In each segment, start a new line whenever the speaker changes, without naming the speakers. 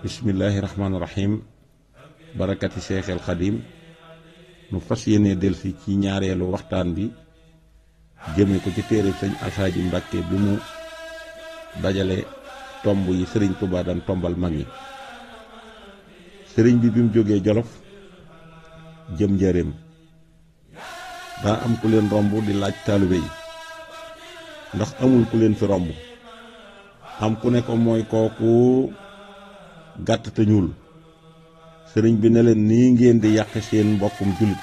bismillaahi rahmaani rahiim barakati Seexel Xadiim nu fas yéene delsi ci ñaareelu waxtaan bi jëme ko ci téere sëñ Alxaaji Mbàkke bi mu dajale tomb yi sëriñ Tuubaa daan tombal mag yi sëriñ bi bi mu jógee Jolof jëm njëreem daa am ku leen romb di laaj taalibe yi ndax amul ku leen fi romb am ku ne ko mooy kooku gàtt te ñuul sëriñ bi ne leen nii ngeen di yàqe seen mbokkum jullit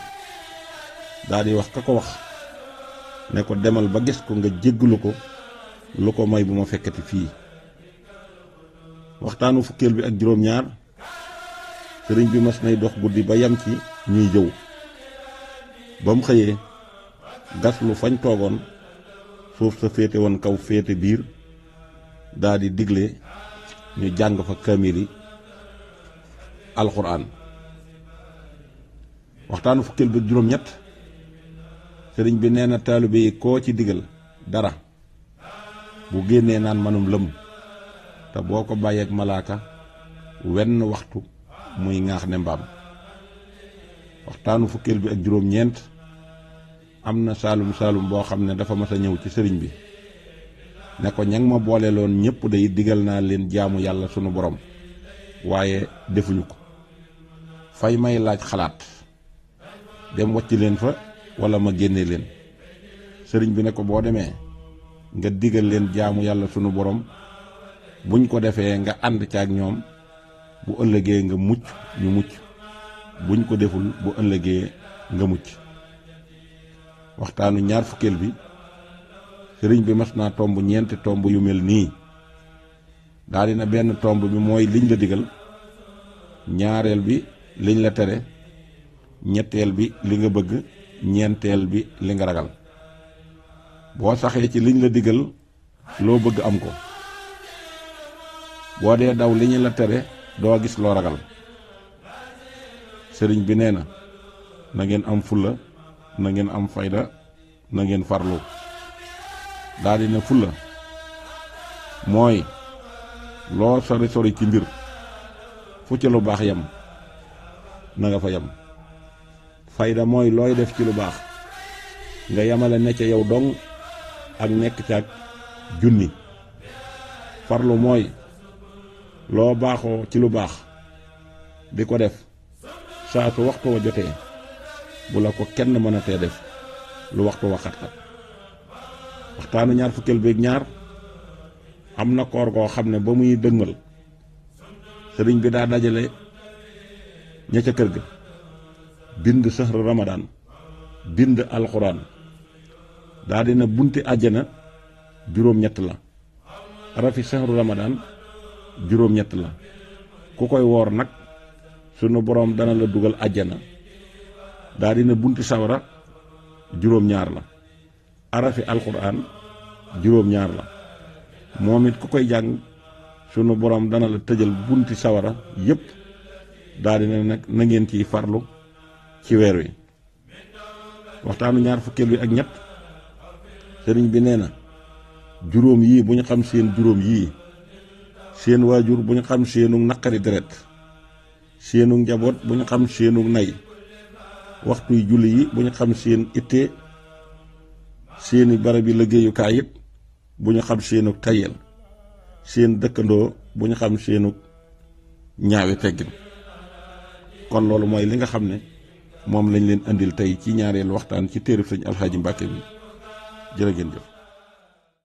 daal wax ka ko wax ne ko demal ba gis ko nga jéggalu ko lu ko may bu ma fekkati fii waxtaanu fukkeel bi ak juróom-ñaar sëriñ bi mas nay dox guddi ba yam ci ñuy jëw ba mu xëyee gas lu fañ toogoon suuf sa féete woon kaw féete biir daa digle ñu jàng fa kaamil alquran waxtaanu fukkeel ba juróom-ñett sëriñ bi nee na taalibe yi koo ci digal dara bu génnee naan manum lëm te boo ko bàyyeeg malaaka wenn waxtu muy ŋaax ne mbaam waxtaanu fukkeel bi ak juróom-ñeent am na saalum saalum boo xam ne dafa mas a ñëw ci sëriñ bi ne ko ñang ma boole loon ñëpp day digal naa leen jaamu yàlla sunu boroom waaye defuñu ko fay may laaj xalaat dem wàcc leen fa wala ma génne leen sëriñ bi ne ko boo demee nga digal leen jaamu yàlla sunu boroom buñ ko defee nga ànd ca ak ñoom bu ëllëgee nga mucc ñu mucc buñ ko deful bu ëllëgee nga mucc waxtaanu ñaar fukkeel bi sëriñ bi mas naa tomb ñeenti tomb yu mel nii daal na benn tomb bi mooy liñ la digal ñaareel bi liñ la tere ñetteel bi li nga bëgg ñeenteel bi li nga ragal boo saxee ci liñ la digal loo bëgg am ko boo dee daw li ñu la tere doo gis loo ragal sëriñ bi nee na na ngeen am fulla na ngeen am fayda na ngeen farlu daal di na fulla mooy loo sori sori ci mbir fu ca lu baax yem na nga fa yem fayda mooy looy def ci lu baax nga yemale ne ca yow dong ak nekk ca ak junni farlu mooy loo baaxoo ci lu baax di ko def saa su waxtu wa jotee bu la ko kenn mën a tee def lu waxtu wa xat-xat waxtaanu ñaar fukkeel beeg ñaar am na koor goo xam ne ba muy dëgmal sëriñ bi daa dajale ña kër gi bind sahru ramadan bind alxuraan daa dina bunti àjjana juróom-ñett la rafi sahru ramadan juróom-ñett la ku koy woor nag sunu boroom dana la dugal àjjana daa dina bunti sawara juróom-ñaar la arafi alxuraan juróom-ñaar la moom it ku koy jàng sunu boroom dana la tëjal bunti sawara yépp daldi di ne nag na ngeen ciy farlu ci weer wi waxtaanu ñaar fukkeel wi ak ñett sëriñ bi nee na juróom yii bu ñu xam seen juróom yii seen waajur bu ñu xam seenu naqari deret seenu njaboot bu ñu xam seenu nay waxtuy julli yi bu ñu xam seen ittee seeni barabi liggéeyukaay yëpp bu ñu xam seenu tayel seen dëkkandoo bu ñu xam seenu ñaawi teggin kon loolu mooy li nga xam ne moom lañ leen indil tey ci ñaareelu waxtaan ci téere sëñ Alxaaji Mbàkke bi jërë ngeen jëf